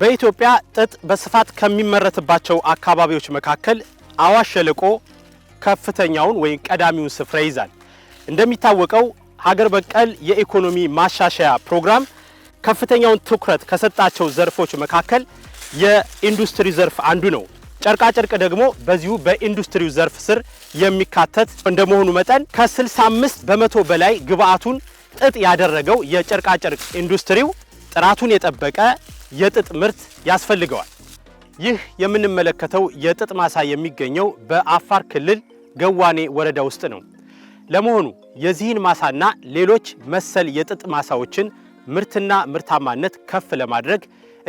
በኢትዮጵያ ጥጥ በስፋት ከሚመረትባቸው አካባቢዎች መካከል አዋሽ ሸለቆ ከፍተኛውን ወይም ቀዳሚውን ስፍራ ይዛል። እንደሚታወቀው ሀገር በቀል የኢኮኖሚ ማሻሻያ ፕሮግራም ከፍተኛውን ትኩረት ከሰጣቸው ዘርፎች መካከል የኢንዱስትሪ ዘርፍ አንዱ ነው። ጨርቃጨርቅ ደግሞ በዚሁ በኢንዱስትሪው ዘርፍ ስር የሚካተት እንደመሆኑ መጠን ከ65 በመቶ በላይ ግብአቱን ጥጥ ያደረገው የጨርቃጨርቅ ኢንዱስትሪው ጥራቱን የጠበቀ የጥጥ ምርት ያስፈልገዋል። ይህ የምንመለከተው የጥጥ ማሳ የሚገኘው በአፋር ክልል ገዋኔ ወረዳ ውስጥ ነው። ለመሆኑ የዚህን ማሳና ሌሎች መሰል የጥጥ ማሳዎችን ምርትና ምርታማነት ከፍ ለማድረግ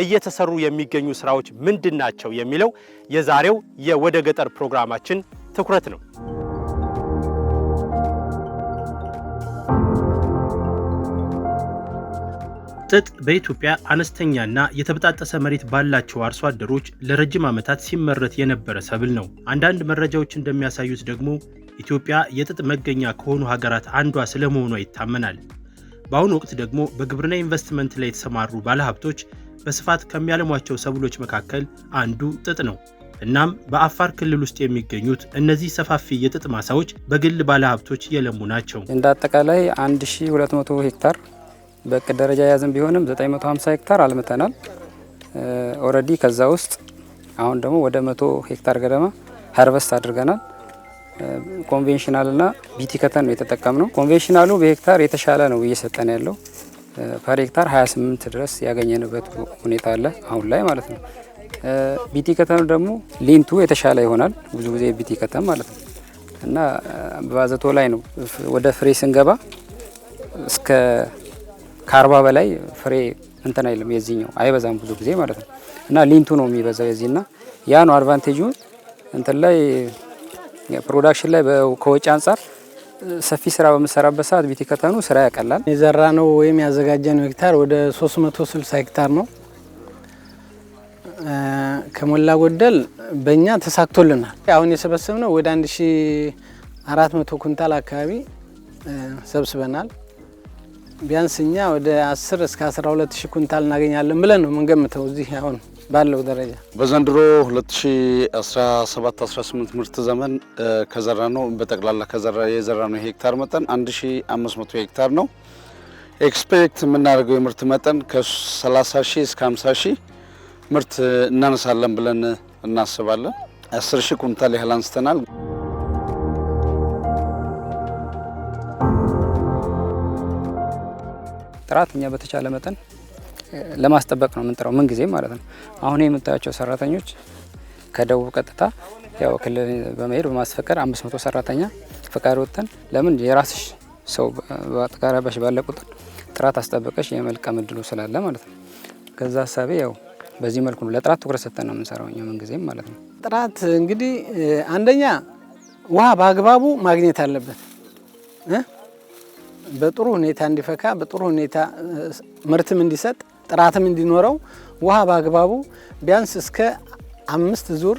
እየተሰሩ የሚገኙ ስራዎች ምንድን ናቸው? የሚለው የዛሬው የወደ ገጠር ፕሮግራማችን ትኩረት ነው። ጥጥ በኢትዮጵያ አነስተኛና የተበጣጠሰ መሬት ባላቸው አርሶ አደሮች ለረጅም ዓመታት ሲመረት የነበረ ሰብል ነው። አንዳንድ መረጃዎች እንደሚያሳዩት ደግሞ ኢትዮጵያ የጥጥ መገኛ ከሆኑ ሀገራት አንዷ ስለመሆኗ ይታመናል። በአሁኑ ወቅት ደግሞ በግብርና ኢንቨስትመንት ላይ የተሰማሩ ባለሀብቶች በስፋት ከሚያለሟቸው ሰብሎች መካከል አንዱ ጥጥ ነው። እናም በአፋር ክልል ውስጥ የሚገኙት እነዚህ ሰፋፊ የጥጥ ማሳዎች በግል ባለሀብቶች የለሙ ናቸው። እንደ አጠቃላይ 1200 ሄክታር በእቅድ ደረጃ የያዝን ቢሆንም 950 ሄክታር አልምተናል ኦልሬዲ። ከዛ ውስጥ አሁን ደግሞ ወደ 100 ሄክታር ገደማ ሀርቨስት አድርገናል። ኮንቬንሽናልና ቢቲ ከተን ነው የተጠቀምነው። ኮንቬንሽናሉ በሄክታር የተሻለ ነው እየሰጠን ያለው ፐር ሄክታር 28 ድረስ ያገኘንበት ሁኔታ አለ አሁን ላይ ማለት ነው። ቢቲ ከተኑ ደግሞ ሊንቱ የተሻለ ይሆናል ብዙ ጊዜ ቢቲ ከተም ማለት ነው እና በባዘቶ ላይ ነው ወደ ፍሬ ስንገባ እስከ ከአርባ በላይ ፍሬ እንትን አይልም የዚህኛው አይበዛም ብዙ ጊዜ ማለት ነው። እና ሊንቱ ነው የሚበዛው የዚህና ያ ነው አድቫንቴጁ እንትን ላይ ፕሮዳክሽን ላይ ከወጪ አንጻር ሰፊ ስራ በምሰራበት ሰዓት ቤቴ ከተኑ ስራ ያቀላል። የዘራ ነው ወይም ያዘጋጀ ነው ሄክታር ወደ 360 ሄክታር ነው ከሞላ ጎደል በእኛ ተሳክቶልናል። አሁን የሰበሰብ ነው ወደ 1400 ኩንታል አካባቢ ሰብስበናል። ቢያንስ እኛ ወደ 10 እስከ 12 ሺህ ኩንታል እናገኛለን ብለን ነው የምንገምተው እዚህ አሁን ባለው ደረጃ። በዘንድሮ 2017/18 ምርት ዘመን ከዘራ ነው በጠቅላላ ከዘራ የዘራ ነው ሄክታር መጠን 1500 ሄክታር ነው። ኤክስፔክት የምናደርገው የምርት መጠን ከ30 ሺህ እስከ 50 ሺህ ምርት እናነሳለን ብለን እናስባለን። 10 ሺህ ኩንታል ያህል አንስተናል። ጥራት እኛ በተቻለ መጠን ለማስጠበቅ ነው የምንጥረው ምን ጊዜ ማለት ነው። አሁን የምታያቸው ሰራተኞች ከደቡብ ቀጥታ ያው ክልል በመሄድ በማስፈቀድ አምስት መቶ ሰራተኛ ፈቃድ ወጥተን ለምን የራስሽ ሰው በአቅራቢያሽ ባለ ቁጥር ጥራት አስጠበቀሽ የመልቀም እድሉ ስላለ ማለት ነው። ከዛ ሀሳቤ ያው በዚህ መልኩ ነው ለጥራት ትኩረት ሰጥተን ነው የምንሰራው እኛ ምንጊዜም ማለት ነው። ጥራት እንግዲህ አንደኛ ውሃ በአግባቡ ማግኘት አለበት። በጥሩ ሁኔታ እንዲፈካ በጥሩ ሁኔታ ምርትም እንዲሰጥ ጥራትም እንዲኖረው ውሃ በአግባቡ ቢያንስ እስከ አምስት ዙር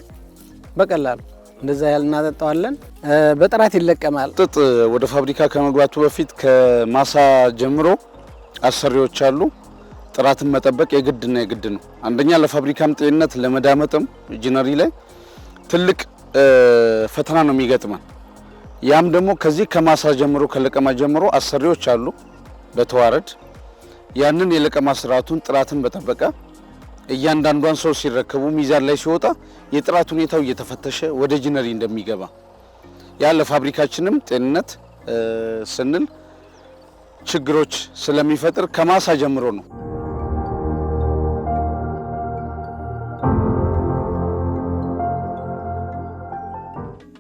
በቀላሉ እንደዛ ያህል እናጠጣዋለን። በጥራት ይለቀማል። ጥጥ ወደ ፋብሪካ ከመግባቱ በፊት ከማሳ ጀምሮ አሰሪዎች አሉ። ጥራትን መጠበቅ የግድና የግድ ነው። አንደኛ ለፋብሪካም ጤንነት፣ ለመዳመጥም ጂነሪ ላይ ትልቅ ፈተና ነው የሚገጥመን። ያም ደግሞ ከዚህ ከማሳ ጀምሮ ከለቀማ ጀምሮ አሰሪዎች አሉ በተዋረድ ያንን የለቀማ ስርዓቱን ጥራትን በጠበቀ እያንዳንዷን ሰው ሲረከቡ ሚዛን ላይ ሲወጣ የጥራት ሁኔታው እየተፈተሸ ወደ ጅነሪ እንደሚገባ ያ ለፋብሪካችንም ጤንነት ስንል ችግሮች ስለሚፈጥር ከማሳ ጀምሮ ነው።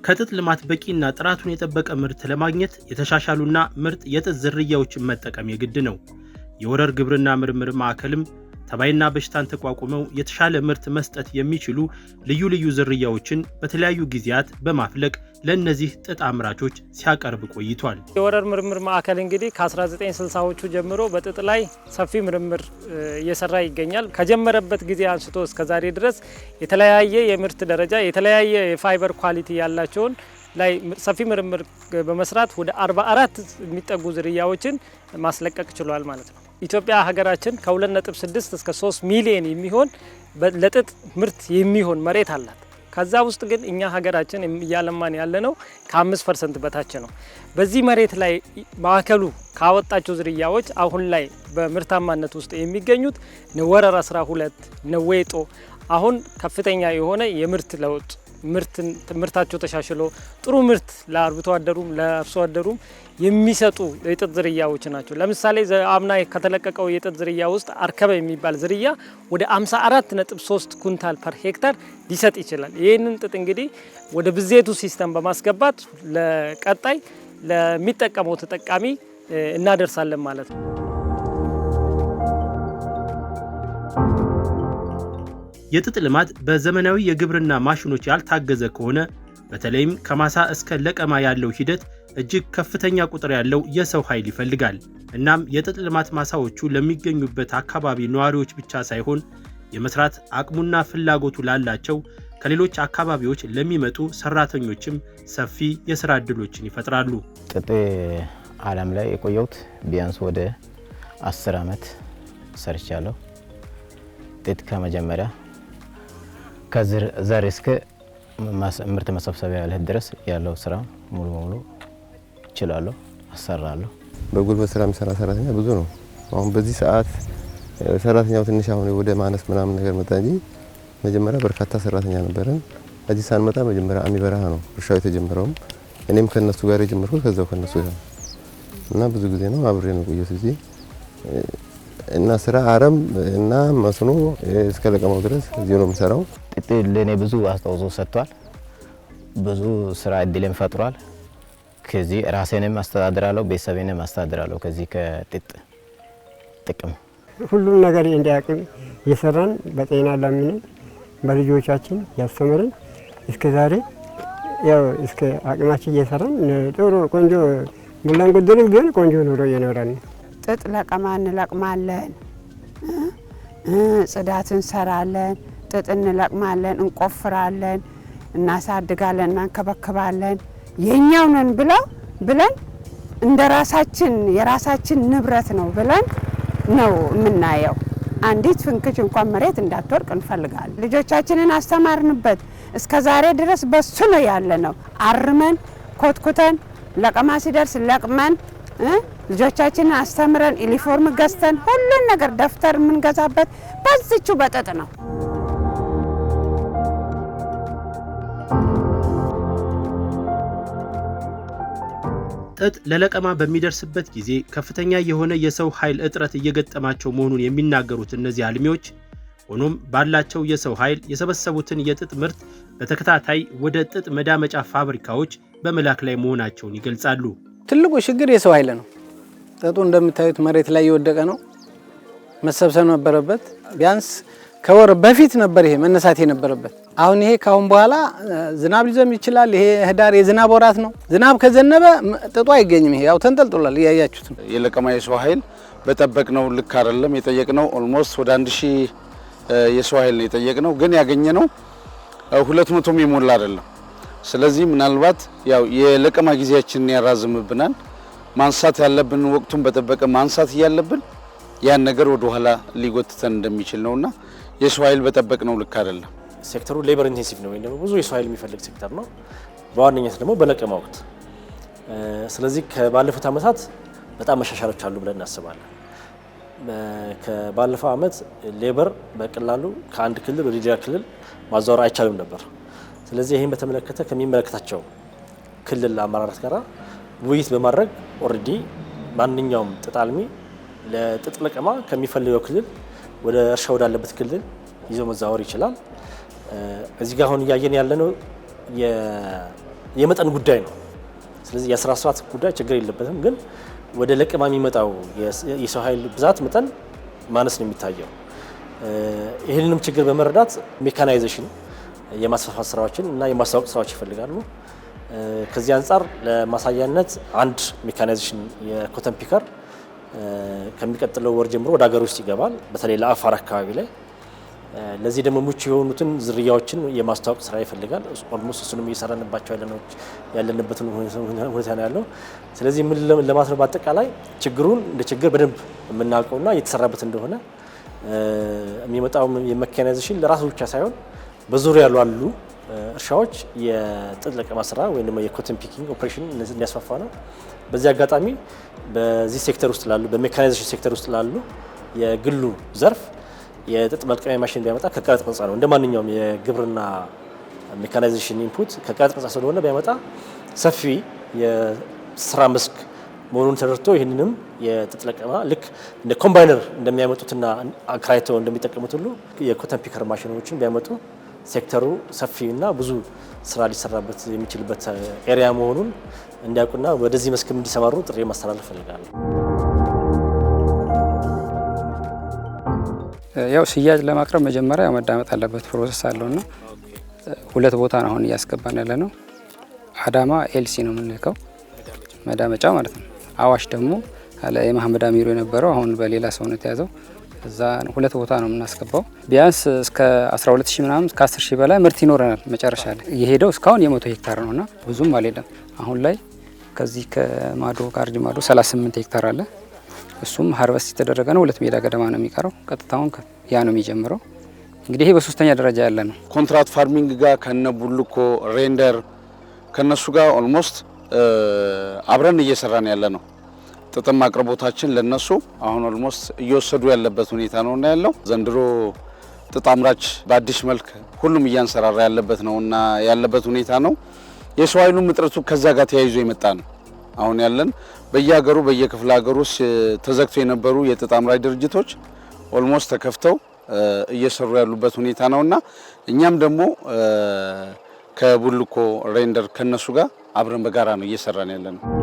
ከጥጥ ልማት በቂና ጥራቱን የጠበቀ ምርት ለማግኘት የተሻሻሉና ምርጥ የጥጥ ዝርያዎችን መጠቀም የግድ ነው። የወረር ግብርና ምርምር ማዕከልም ተባይና በሽታን ተቋቁመው የተሻለ ምርት መስጠት የሚችሉ ልዩ ልዩ ዝርያዎችን በተለያዩ ጊዜያት በማፍለቅ ለእነዚህ ጥጥ አምራቾች ሲያቀርብ ቆይቷል። የወረር ምርምር ማዕከል እንግዲህ ከ1960ዎቹ ጀምሮ በጥጥ ላይ ሰፊ ምርምር እየሰራ ይገኛል። ከጀመረበት ጊዜ አንስቶ እስከዛሬ ድረስ የተለያየ የምርት ደረጃ የተለያየ የፋይበር ኳሊቲ ያላቸውን ላይ ሰፊ ምርምር በመስራት ወደ 44 የሚጠጉ ዝርያዎችን ማስለቀቅ ችሏል ማለት ነው። ኢትዮጵያ ሀገራችን ከ2.6 እስከ 3 ሚሊዮን የሚሆን ለጥጥ ምርት የሚሆን መሬት አላት። ከዛ ውስጥ ግን እኛ ሀገራችን እያለማን ያለነው ከ5 ፐርሰንት በታች ነው። በዚህ መሬት ላይ ማዕከሉ ካወጣቸው ዝርያዎች አሁን ላይ በምርታማነት ውስጥ የሚገኙት ነወረር 12 ነወጦ አሁን ከፍተኛ የሆነ የምርት ለውጥ ምርታቸው ተሻሽሎ ጥሩ ምርት ለአርብቶ አደሩም ለአርሶ አደሩም የሚሰጡ የጥጥ ዝርያዎች ናቸው። ለምሳሌ አምና ከተለቀቀው የጥጥ ዝርያ ውስጥ አርከበ የሚባል ዝርያ ወደ 54.3 ኩንታል ፐር ሄክታር ሊሰጥ ይችላል። ይህንን ጥጥ እንግዲህ ወደ ብዜቱ ሲስተም በማስገባት ለቀጣይ ለሚጠቀመው ተጠቃሚ እናደርሳለን ማለት ነው። የጥጥ ልማት በዘመናዊ የግብርና ማሽኖች ያልታገዘ ከሆነ በተለይም ከማሳ እስከ ለቀማ ያለው ሂደት እጅግ ከፍተኛ ቁጥር ያለው የሰው ኃይል ይፈልጋል። እናም የጥጥ ልማት ማሳዎቹ ለሚገኙበት አካባቢ ነዋሪዎች ብቻ ሳይሆን የመስራት አቅሙና ፍላጎቱ ላላቸው ከሌሎች አካባቢዎች ለሚመጡ ሰራተኞችም ሰፊ የስራ እድሎችን ይፈጥራሉ። ጥጥ ዓለም ላይ የቆየሁት ቢያንስ ወደ አስር ዓመት ሰርቻለሁ። ጥጥ ከመጀመሪያ ከዘር እስከ ምርት መሰብሰቢያ እልህ ድረስ ያለው ስራ ሙሉ በሙሉ እችላለሁ፣ አሰራለሁ። በጉልበት ስራ የሚሰራ ሰራተኛ ብዙ ነው። አሁን በዚህ ሰዓት ሰራተኛው ትንሽ አሁን ወደ ማነስ ምናምን ነገር መጣ እንጂ መጀመሪያ በርካታ ሰራተኛ ነበረን። እዚህ ሳንመጣ መጀመሪያ አሚ በረሃ ነው እርሻው የተጀመረውም እኔም ከነሱ ጋር የጀመርኩት ከዛው ከነሱ ጋር እና ብዙ ጊዜ ነው አብሬ ነው ቆየሁት እዚህ እና ስራ አረም እና መስኖ እስከ ለቀመው ድረስ እዚህ ነው የምሰራው። ጥጥ ለእኔ ብዙ አስተዋጽኦ ሰጥቷል። ብዙ ስራ እድልም ፈጥሯል። ከዚህ ራሴንም አስተዳድራለሁ፣ ቤተሰቤንም አስተዳድራለሁ። ከዚህ ከጥጥ ጥቅም ሁሉም ነገር እንዲያቅም የሰራን በጤና ለምንም በልጆቻችን ያስተምረን እስከ ዛሬ ያው እስከ አቅማችን እየሰራን ጥሩ ቆንጆ ሙላን ጉድልም ቢሆን ቆንጆ ኑሮ እየኖረን ጥጥ ለቀማ እንለቅማለን፣ ጽዳት እንሰራለን፣ ጥጥ እንለቅማለን፣ እንቆፍራለን፣ እናሳድጋለን፣ እናንከበክባለን። የእኛው ነን ብለው ብለን እንደ ራሳችን የራሳችን ንብረት ነው ብለን ነው የምናየው። አንዲት ፍንክች እንኳን መሬት እንዳትወርቅ እንፈልጋለን። ልጆቻችንን አስተማርንበት። እስከ ዛሬ ድረስ በሱ ነው ያለ ነው። አርመን ኮትኩተን ለቀማ ሲደርስ ለቅመን ልጆቻችንን አስተምረን ዩኒፎርም ገዝተን ሁሉን ነገር ደብተር የምንገዛበት በዝቹ በጥጥ ነው። ጥጥ ለለቀማ በሚደርስበት ጊዜ ከፍተኛ የሆነ የሰው ኃይል እጥረት እየገጠማቸው መሆኑን የሚናገሩት እነዚህ አልሚዎች ሆኖም ባላቸው የሰው ኃይል የሰበሰቡትን የጥጥ ምርት በተከታታይ ወደ ጥጥ መዳመጫ ፋብሪካዎች በመላክ ላይ መሆናቸውን ይገልጻሉ። ትልቁ ችግር የሰው ኃይል ነው። ጠጡ እንደምታዩት መሬት ላይ የወደቀ ነው። መሰብሰብ ነበረበት። ቢያንስ ከወር በፊት ነበር ይሄ መነሳት የነበረበት። አሁን ይሄ ካሁን በኋላ ዝናብ ሊዘም ይችላል። ይሄ ህዳር የዝናብ ወራት ነው። ዝናብ ከዘነበ ጥጡ አይገኝም። ይሄ ያው ተንጠልጥሏል፣ እያያችሁት ነው። የለቀማ የሰው ኃይል በጠበቅነው ልክ አይደለም የጠየቅነው። ኦልሞስት ወደ አንድ ሺህ የሰው ኃይል ነው የጠየቅነው፣ ግን ያገኘነው ሁለት መቶም የሞላ አይደለም። ስለዚህ ምናልባት ያው የለቀማ ጊዜያችንን ያራዝምብናል። ማንሳት ያለብን ወቅቱን በጠበቀ ማንሳት እያለብን ያን ነገር ወደ ኋላ ሊጎትተን እንደሚችል ነውና የሰው ኃይል በጠበቅ ነው ልክ አይደለም። ሴክተሩ ሌበር ኢንቴንሲቭ ነው ወይም ደግሞ ብዙ የሰው ኃይል የሚፈልግ ሴክተር ነው፣ በዋነኛነት ደግሞ በለቀማ ወቅት። ስለዚህ ከባለፉት ዓመታት በጣም መሻሻሎች አሉ ብለን እናስባለን። ከባለፈው ዓመት ሌበር በቀላሉ ከአንድ ክልል ወደ ሌላ ክልል ማዛወር አይቻልም ነበር። ስለዚህ ይህን በተመለከተ ከሚመለከታቸው ክልል አመራራት ጋር ውይይት በማድረግ ኦልሬዲ ማንኛውም ጥጥ አልሚ ለጥጥ ለቀማ ከሚፈልገው ክልል ወደ እርሻ ወዳለበት ክልል ይዞ መዛወር ይችላል። እዚህ ጋር አሁን እያየን ያለነው የመጠን ጉዳይ ነው። ስለዚህ የስራ ስርዓት ጉዳይ ችግር የለበትም፣ ግን ወደ ለቀማ የሚመጣው የሰው ኃይል ብዛት መጠን ማነስ ነው የሚታየው። ይህንንም ችግር በመረዳት ሜካናይዜሽን የማስፋፋት ስራዎችን እና የማስታወቅ ስራዎች ይፈልጋሉ። ከዚህ አንጻር ለማሳያነት አንድ ሜካናይዜሽን የኮተን ፒከር ከሚቀጥለው ወር ጀምሮ ወደ ሀገር ውስጥ ይገባል፣ በተለይ ለአፋር አካባቢ ላይ። ለዚህ ደግሞ ምቹ የሆኑትን ዝርያዎችን የማስተዋወቅ ስራ ይፈልጋል። ኦልሞስት እሱንም እየሰራንባቸው ያለንበትን ሁኔታ ነው ያለው። ስለዚህ ምን ለማለት ነው፣ በአጠቃላይ ችግሩን እንደ ችግር በደንብ የምናውቀውና እየተሰራበት እንደሆነ የሚመጣው የሜካናይዜሽን ለራሱ ብቻ ሳይሆን በዙሪያ ያሉ እርሻዎች የጥጥ ለቀማ ስራ ወይም ደግሞ የኮተን ፒኪንግ ኦፕሬሽን እነዚህ እንዲያስፋፋ ነው። በዚህ አጋጣሚ በዚህ ሴክተር ውስጥ ላሉ በሜካናይዜሽን ሴክተር ውስጥ ላሉ የግሉ ዘርፍ የጥጥ መልቀሚያ ማሽን ቢያመጣ ከቀረጥ ነጻ ነው። እንደ ማንኛውም የግብርና ሜካናይዜሽን ኢንፑት ከቀረጥ ነጻ ስለሆነ ቢያመጣ ሰፊ የስራ መስክ መሆኑን ተረድቶ ይህንንም የጥጥ ለቀማ ልክ እንደ ኮምባይነር እንደሚያመጡትና አከራይተው እንደሚጠቀሙት ሁሉ የኮተን ፒከር ማሽኖችን ቢያመጡ ሴክተሩ ሰፊና ብዙ ስራ ሊሰራበት የሚችልበት ኤሪያ መሆኑን እንዲያውቁና ወደዚህ መስክም እንዲሰማሩ ጥሪ ማስተላለፍ ፈልጋለሁ። ያው ሽያጭ ለማቅረብ መጀመሪያ መዳመጥ አለበት ፕሮሰስ አለውና ሁለት ቦታ ነው አሁን እያስገባን ያለ ነው። አዳማ ኤልሲ ነው የምንልከው መዳመጫ ማለት ነው። አዋሽ ደግሞ የማህመድ አሚሮ የነበረው አሁን በሌላ ሰውነት ያዘው። እዛ ሁለት ቦታ ነው የምናስገባው። ቢያንስ እስከ 12 ሺህ ምናምን እስከ 10 ሺ በላይ ምርት ይኖረናል መጨረሻ ላይ። የሄደው እስካሁን የመቶ ሄክታር እና ብዙም አልሄደም። አሁን ላይ ከዚህ ከማዶ ከአርጅ ማዶ 38 ሄክታር አለ። እሱም ሀርቨስት የተደረገ ነው። ሁለት ሜዳ ገደማ ነው የሚቀረው። ቀጥታውን ያ ነው የሚጀምረው። እንግዲህ ይሄ በሶስተኛ ደረጃ ያለ ነው። ኮንትራት ፋርሚንግ ጋር ከነ ቡልኮ ሬንደር ከነሱ ጋር ኦልሞስት አብረን እየሰራን ያለ ነው። ጥጥም አቅርቦታችን ለነሱ አሁን ኦልሞስት እየወሰዱ ያለበት ሁኔታ እና ያለው ዘንድሮ ጥጥ አምራች በአዲስ መልክ ሁሉም እያንሰራራ ያለበት እና ያለበት ሁኔታ ነው። የሰው ኃይሉም እጥረቱ ከዛ ጋር ተያይዞ የመጣ ነው። አሁን ያለን በየሀገሩ በየክፍለ ሀገሩ ውስጥ ተዘግቶ የነበሩ የጥጥ አምራች ድርጅቶች ኦልሞስት ተከፍተው እየሰሩ ያሉበት ሁኔታ እና እኛም ደግሞ ከቡልኮ ሬንደር ከነሱ ጋር አብረን በጋራ ነው እየሰራን ያለነው።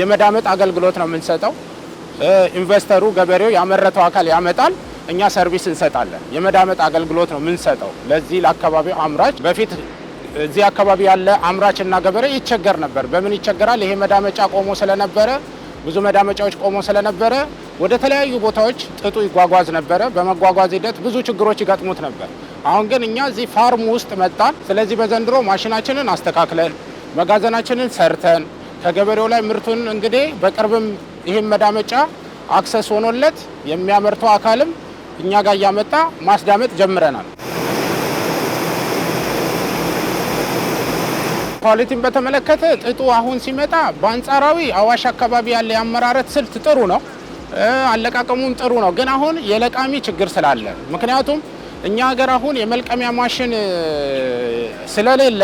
የመዳመጥ አገልግሎት ነው የምንሰጠው። ኢንቨስተሩ ገበሬው ያመረተው አካል ያመጣል፣ እኛ ሰርቪስ እንሰጣለን። የመዳመጥ አገልግሎት ነው የምንሰጠው ለዚህ ለአካባቢው አምራች። በፊት እዚህ አካባቢ ያለ አምራች እና ገበሬ ይቸገር ነበር። በምን ይቸገራል? ይሄ መዳመጫ ቆሞ ስለነበረ ብዙ መዳመጫዎች ቆሞ ስለነበረ ወደ ተለያዩ ቦታዎች ጥጡ ይጓጓዝ ነበረ። በመጓጓዝ ሂደት ብዙ ችግሮች ይገጥሙት ነበር። አሁን ግን እኛ እዚህ ፋርም ውስጥ መጣን። ስለዚህ በዘንድሮ ማሽናችንን አስተካክለን መጋዘናችንን ሰርተን ከገበሬው ላይ ምርቱን እንግዲህ በቅርብም ይህም መዳመጫ አክሰስ ሆኖለት የሚያመርተው አካልም እኛ ጋር እያመጣ ማስዳመጥ ጀምረናል። ኳሊቲን በተመለከተ ጥጡ አሁን ሲመጣ በአንጻራዊ አዋሽ አካባቢ ያለ የአመራረት ስልት ጥሩ ነው፣ አለቃቀሙም ጥሩ ነው። ግን አሁን የለቃሚ ችግር ስላለ ምክንያቱም እኛ ሀገር አሁን የመልቀሚያ ማሽን ስለሌለ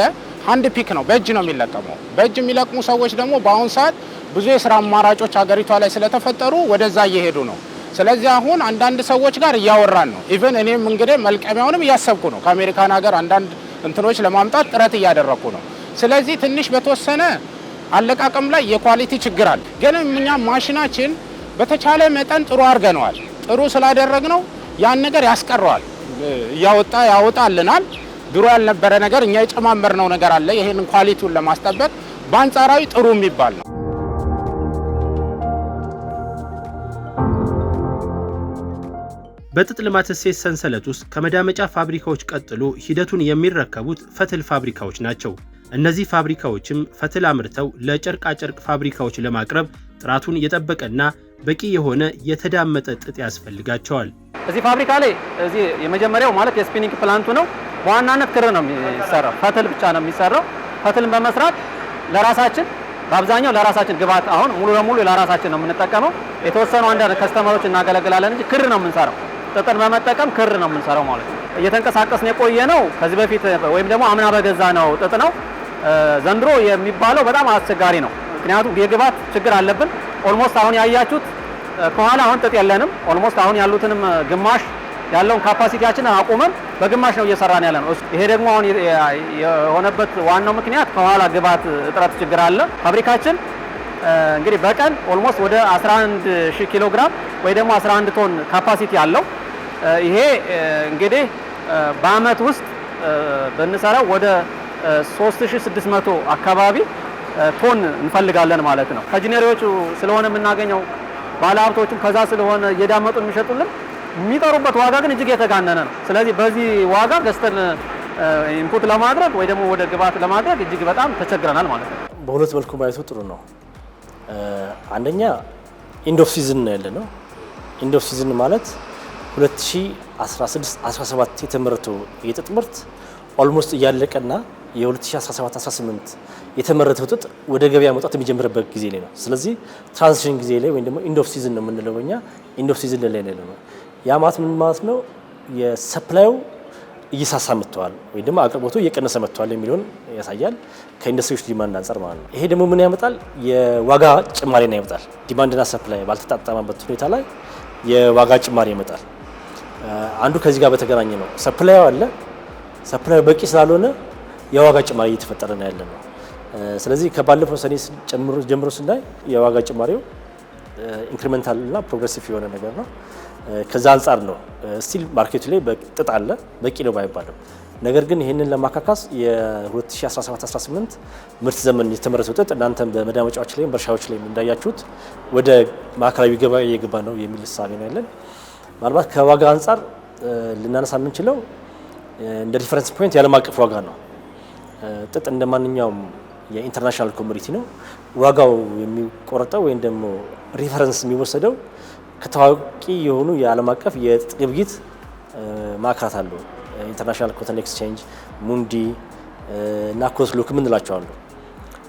አንድ ፒክ ነው፣ በእጅ ነው የሚለቀመው። በእጅ የሚለቅሙ ሰዎች ደግሞ በአሁን ሰዓት ብዙ የስራ አማራጮች ሀገሪቷ ላይ ስለተፈጠሩ ወደዛ እየሄዱ ነው። ስለዚህ አሁን አንዳንድ ሰዎች ጋር እያወራን ነው። ኢቨን እኔም እንግዲህ መልቀሚያውንም እያሰብኩ ነው። ከአሜሪካን ሀገር አንዳንድ እንትኖች ለማምጣት ጥረት እያደረግኩ ነው። ስለዚህ ትንሽ በተወሰነ አለቃቀም ላይ የኳሊቲ ችግር አለ። ግን እኛ ማሽናችን በተቻለ መጠን ጥሩ አድርገነዋል። ጥሩ ስላደረግነው ያን ነገር ያስቀረዋል፣ እያወጣ ያወጣልናል። ድሮ ያልነበረ ነገር እኛ የጨማመርነው ነገር አለ። ይሄንን ኳሊቲውን ለማስጠበቅ በአንጻራዊ ጥሩ የሚባል ነው። በጥጥ ልማት እሴት ሰንሰለት ውስጥ ከመዳመጫ ፋብሪካዎች ቀጥሎ ሂደቱን የሚረከቡት ፈትል ፋብሪካዎች ናቸው። እነዚህ ፋብሪካዎችም ፈትል አምርተው ለጨርቃጨርቅ ፋብሪካዎች ለማቅረብ ጥራቱን የጠበቀና በቂ የሆነ የተዳመጠ ጥጥ ያስፈልጋቸዋል። እዚህ ፋብሪካ ላይ እዚህ የመጀመሪያው ማለት የስፒኒንግ ፕላንቱ ነው። በዋናነት ክር ነው የሚሰራው። ፈትል ብቻ ነው የሚሰራው። ፈትልን በመስራት ለራሳችን በአብዛኛው ለራሳችን ግብአት አሁን ሙሉ ለሙሉ ለራሳችን ነው የምንጠቀመው። የተወሰኑ አንዳንድ ከስተመሮች እናገለግላለን እንጂ ክር ነው የምንሰራው። ጥጥን በመጠቀም ክር ነው የምንሰራው ማለት ነው። እየተንቀሳቀስን የቆየ ነው። ከዚህ በፊት ወይም ደግሞ አምና በገዛ ነው ጥጥ ነው። ዘንድሮ የሚባለው በጣም አስቸጋሪ ነው። ምክንያቱም የግብአት ችግር አለብን። ኦልሞስት አሁን ያያችሁት ከኋላ አሁን ጥጥ የለንም። ኦልሞስት አሁን ያሉትንም ግማሽ ያለውን ካፓሲቲያችንን አቁመን በግማሽ ነው እየሰራን ያለ ነው። ይሄ ደግሞ አሁን የሆነበት ዋናው ምክንያት ከኋላ ግብዓት እጥረት ችግር አለ። ፋብሪካችን እንግዲህ በቀን ኦልሞስት ወደ 11 ሺህ ኪሎ ግራም ወይ ደግሞ 11 ቶን ካፓሲቲ አለው። ይሄ እንግዲህ በአመት ውስጥ ብንሰራው ወደ 3600 አካባቢ ቶን እንፈልጋለን ማለት ነው። ከጂኔሪዎቹ ስለሆነ የምናገኘው ባለሀብቶቹም ከዛ ስለሆነ እየዳመጡን የሚሸጡልን የሚጠሩበት ዋጋ ግን እጅግ የተጋነነ ነው። ስለዚህ በዚህ ዋጋ ገዝተን ኢንፑት ለማድረግ ወይ ደግሞ ወደ ግብአት ለማድረግ እጅግ በጣም ተቸግረናል ማለት ነው። በሁለት መልኩ ማየቱ ጥሩ ነው። አንደኛ ኢንድ ኦፍ ሲዝን ነው ያለ ነው። ኢንድ ኦፍ ሲዝን ማለት 2016 17 የተመረተው የጥጥ ምርት ኦልሞስት እያለቀና የ2017 18 የተመረተው ጥጥ ወደ ገበያ መውጣት የሚጀምርበት ጊዜ ላይ ነው። ስለዚህ ትራንዚሽን ጊዜ ላይ ወይም ደግሞ ኢንድ ኦፍ ሲዝን ነው የምንለው በኛ ኢንድ ኦፍ ሲዝን ላይ ነው። ያ ማለት ምን ማለት ነው? የሰፕላዩ እየሳሳ መጥተዋል ወይ ደግሞ አቅርቦቱ እየቀነሰ መጥተዋል የሚለውን ያሳያል፣ ከኢንዱስትሪዎች ዲማንድ አንጻር ማለት ነው። ይሄ ደግሞ ምን ያመጣል? የዋጋ ጭማሪን ያመጣል። ዲማንድና ሰፕላይ ባልተጣጣማበት ሁኔታ ላይ የዋጋ ጭማሪ ይመጣል። አንዱ ከዚህ ጋር በተገናኘ ነው። ሰፕላዩ አለ፣ ሰፕላዩ በቂ ስላልሆነ የዋጋ ጭማሪ እየተፈጠረ ነው ያለ ነው። ስለዚህ ከባለፈው ሰኔ ጀምሮ ስናይ የዋጋ ጭማሪው ኢንክሪመንታል እና ፕሮግረሲቭ የሆነ ነገር ነው። ከዛ አንጻር ነው ስቲል ማርኬቱ ላይ ጥጥ አለ፣ በቂ ነው ባይባልም፣ ነገር ግን ይህንን ለማካካስ የ2017/18 ምርት ዘመን የተመረተው ጥጥ እናንተም በመዳመጫዎች ላይም በእርሻዎች ላይም እንዳያችሁት ወደ ማዕከላዊ ገበያ እየገባ ነው የሚል እሳቤ ነው ያለን። ምናልባት ከዋጋ አንጻር ልናነሳ የምንችለው እንደ ሪፈረንስ ፖይንት የዓለም አቀፍ ዋጋ ነው። ጥጥ እንደ ማንኛውም የኢንተርናሽናል ኮሚኒቲ ነው ዋጋው የሚቆረጠው ወይም ደግሞ ሪፈረንስ የሚወሰደው ከታዋቂ የሆኑ የዓለም አቀፍ የግብይት ማዕከላት አሉ። ኢንተርናሽናል ኮተን ኤክስቼንጅ፣ ሙንዲ እና ኮስሉክ የምንላቸው አሉ።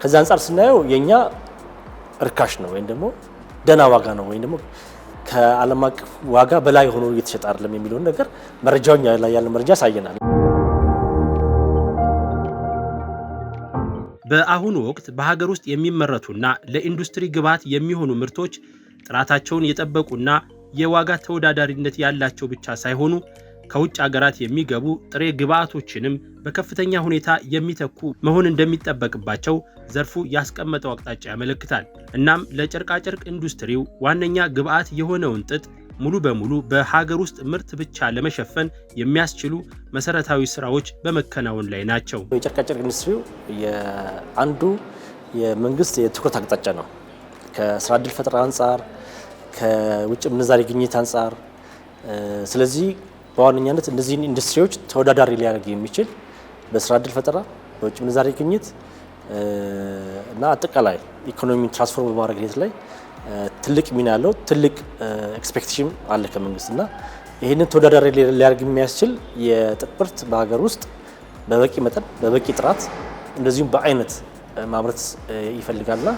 ከዚ አንጻር ስናየው የእኛ እርካሽ ነው ወይም ደግሞ ደና ዋጋ ነው ወይም ደግሞ ከዓለም አቀፍ ዋጋ በላይ ሆኖ እየተሸጠ አይደለም የሚለውን ነገር መረጃውን ላይ ያለ መረጃ ያሳየናል። በአሁኑ ወቅት በሀገር ውስጥ የሚመረቱና ለኢንዱስትሪ ግብዓት የሚሆኑ ምርቶች ጥራታቸውን የጠበቁና የዋጋ ተወዳዳሪነት ያላቸው ብቻ ሳይሆኑ ከውጭ አገራት የሚገቡ ጥሬ ግብዓቶችንም በከፍተኛ ሁኔታ የሚተኩ መሆን እንደሚጠበቅባቸው ዘርፉ ያስቀመጠው አቅጣጫ ያመለክታል። እናም ለጨርቃጨርቅ ኢንዱስትሪው ዋነኛ ግብዓት የሆነውን ጥጥ ሙሉ በሙሉ በሀገር ውስጥ ምርት ብቻ ለመሸፈን የሚያስችሉ መሰረታዊ ስራዎች በመከናወን ላይ ናቸው። የጨርቃጨርቅ ኢንዱስትሪው አንዱ የመንግስት የትኩረት አቅጣጫ ነው። ከስራ እድል ፈጠራ አንጻር፣ ከውጭ ምንዛሬ ግኝት አንጻር። ስለዚህ በዋነኛነት እነዚህን ኢንዱስትሪዎች ተወዳዳሪ ሊያደርግ የሚችል በስራ እድል ፈጠራ፣ በውጭ ምንዛሬ ግኝት እና አጠቃላይ ኢኮኖሚን ትራንስፎርም በማድረግ ሂደት ላይ ትልቅ ሚና ያለው ትልቅ ኤክስፔክቴሽን አለ ከመንግስት እና ይህንን ተወዳዳሪ ሊያደርግ የሚያስችል የጥጥ ምርት በሀገር ውስጥ በበቂ መጠን በበቂ ጥራት እንደዚሁም በአይነት ማምረት ይፈልጋልና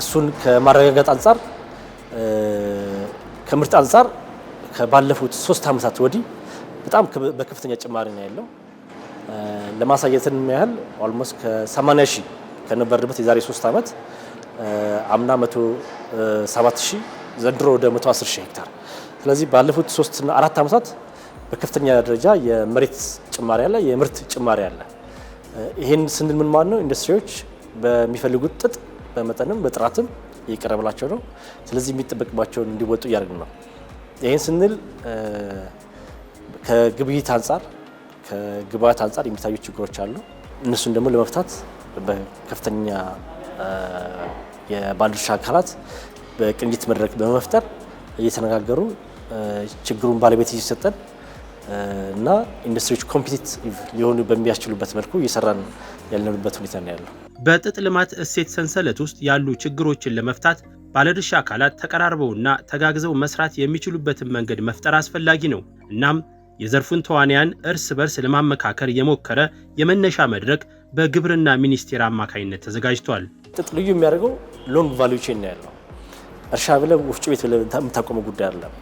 እሱን ከማረጋጋት አንጻር ከምርት አንጻር ከባለፉት ሶስት ዓመታት ወዲህ በጣም በከፍተኛ ጭማሪ ነው ያለው። ለማሳየትን ያህል ኦልሞስት ከ ሺህ ከነበርንበት የዛሬ ሶስት ዓመት አምና 107 ሺህ ዘንድሮ ወደ 110 ሺህ ሄክታር። ስለዚህ ባለፉት ሶስትና አራት ዓመታት በከፍተኛ ደረጃ የመሬት ጭማሪ አለ፣ የምርት ጭማሪ አለ። ይህን ስንል ምን ማለት ነው? ኢንዱስትሪዎች በሚፈልጉት ጥጥ በመጠንም በጥራትም እየቀረብላቸው ነው። ስለዚህ የሚጠበቅባቸውን እንዲወጡ እያደረግን ነው። ይህን ስንል ከግብይት አንጻር ከግብአት አንጻር የሚታዩ ችግሮች አሉ። እነሱን ደግሞ ለመፍታት በከፍተኛ የባለድርሻ አካላት በቅንጅት መድረክ በመፍጠር እየተነጋገሩ ችግሩን ባለቤት እየሰጠን እና ኢንዱስትሪዎች ኮምፒቲቲቭ ሊሆኑ በሚያስችሉበት መልኩ እየሰራን ያለንበት ሁኔታ ነው ያለው። በጥጥ ልማት እሴት ሰንሰለት ውስጥ ያሉ ችግሮችን ለመፍታት ባለድርሻ አካላት ተቀራርበውና ተጋግዘው መስራት የሚችሉበትን መንገድ መፍጠር አስፈላጊ ነው። እናም የዘርፉን ተዋንያን እርስ በርስ ለማመካከር የሞከረ የመነሻ መድረክ በግብርና ሚኒስቴር አማካኝነት ተዘጋጅቷል። ጥጥ ልዩ የሚያደርገው ሎንግ ቫሊዩ ቼን ነው ያለው። እርሻ ብለ ወፍጮ ቤት ብለ የምታቆመው ጉዳይ አይደለም።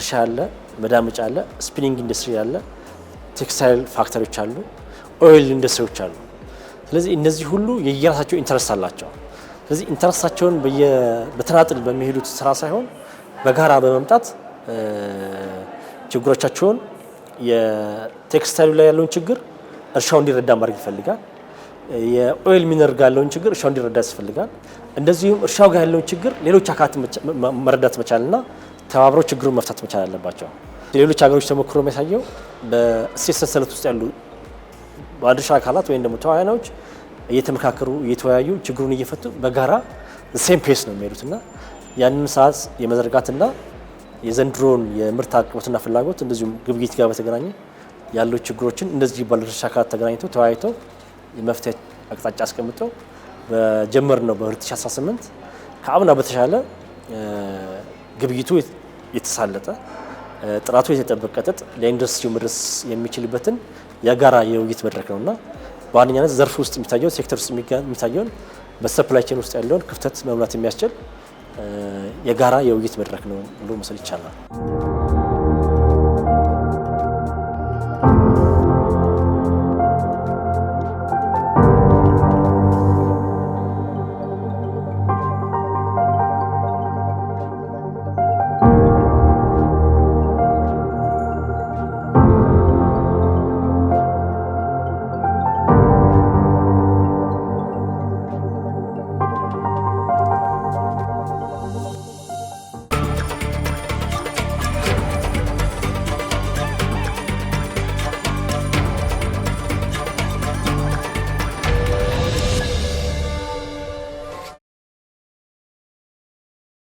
እርሻ አለ፣ መዳመጫ አለ፣ ስፒኒንግ ኢንዱስትሪ አለ፣ ቴክስታይል ፋክተሪዎች አሉ፣ ኦይል ኢንዱስትሪዎች አሉ። ስለዚህ እነዚህ ሁሉ የየራሳቸው ኢንተረስት አላቸው። ስለዚህ ኢንተረስታቸውን በተናጥል በሚሄዱት ስራ ሳይሆን በጋራ በመምጣት ችግሮቻቸውን የቴክስታይሉ ላይ ያለውን ችግር እርሻው እንዲረዳ ማድረግ ይፈልጋል። የኦይል ሚነር ጋር ያለውን ችግር እርሻው እንዲረዳ ያስፈልጋል። እንደዚሁም እርሻው ጋር ያለውን ችግር ሌሎች አካላት መረዳት መቻልና ተባብረው ችግሩን መፍታት መቻል አለባቸው። ሌሎች ሀገሮች ተሞክሮ የሚያሳየው በእሴት ሰንሰለት ውስጥ ያሉ ባለድርሻ አካላት ወይም ደግሞ ተዋናዮች እየተመካከሩ እየተወያዩ ችግሩን እየፈቱ በጋራ ሴም ፔስ ነው የሚሄዱት እና ያንን ሰዓት የመዘርጋትና የዘንድሮን የምርት አቅርቦትና ፍላጎት እንደዚሁም ግብይት ጋር በተገናኘ ያሉ ችግሮችን እንደዚህ ባለድርሻ አካላት ተገናኝተው ተወያይተው የመፍትሄ አቅጣጫ አስቀምጠው በጀመር ነው በ2018 ከአምና በተሻለ ግብይቱ የተሳለጠ ጥራቱ የተጠበቀ ጥጥ ለኢንዱስትሪው መድረስ የሚችልበትን የጋራ የውይይት መድረክ ነውና በዋነኛነት ዘርፍ ውስጥ የሚታየውን ሴክተር ውስጥ የሚታየውን በሰፕላይ ቼን ውስጥ ያለውን ክፍተት መሙላት የሚያስችል የጋራ የውይይት መድረክ ነው ብሎ መውሰድ ይቻላል።